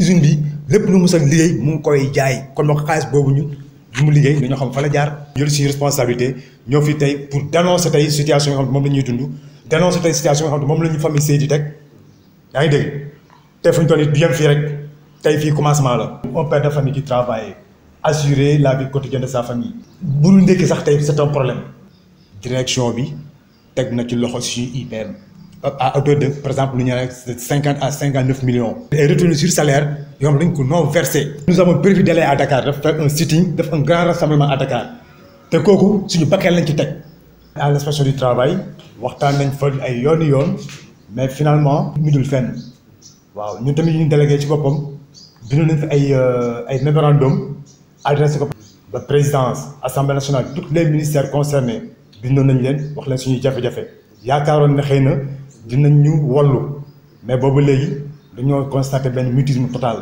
usine bi lepp lu mu sa liggéey mu ngi koy jaay kon moo ko xaalis boobu ñun lu mu liggéey dañu xam fa la jaar jël suñu responsabilité ñoo fi tey pour dénoncer tey situation yoo xam ne moom la ñuy dund dénoncer tey situation yoo xam ne moom la ñu famille Seydi teg yaa ngi dégg tey fu ñu toll du yem fii rek tey fii commencement la un père de famille qui travailler assurer la vie quotidienne de sa famille bu ñu ndékki sax tey c'est un problème direction bi teg na ci loxo suñu IPM à hauteur par exemple nous à 59 millions. et retourner sur salaire ils ont un non versé. nous avons prévu d'aller à Dakar faire un sitting faire un grand rassemblement à Dakar Et c'est suñu que lañ ci fait. à l'inspection du travail nous nañ fait ay mais finalement nous avons waaw ñun tamit ñu délégué ci boppam bind nous avons fait euh, ay mémorandum adressé ko. ba présidence l'Assemblée nationale tous les ministères concernés nous avons leen wax leen nous jafe fait un na dinañ ñu wallu mais boobu léegi dañoo constaté benn mutisme total.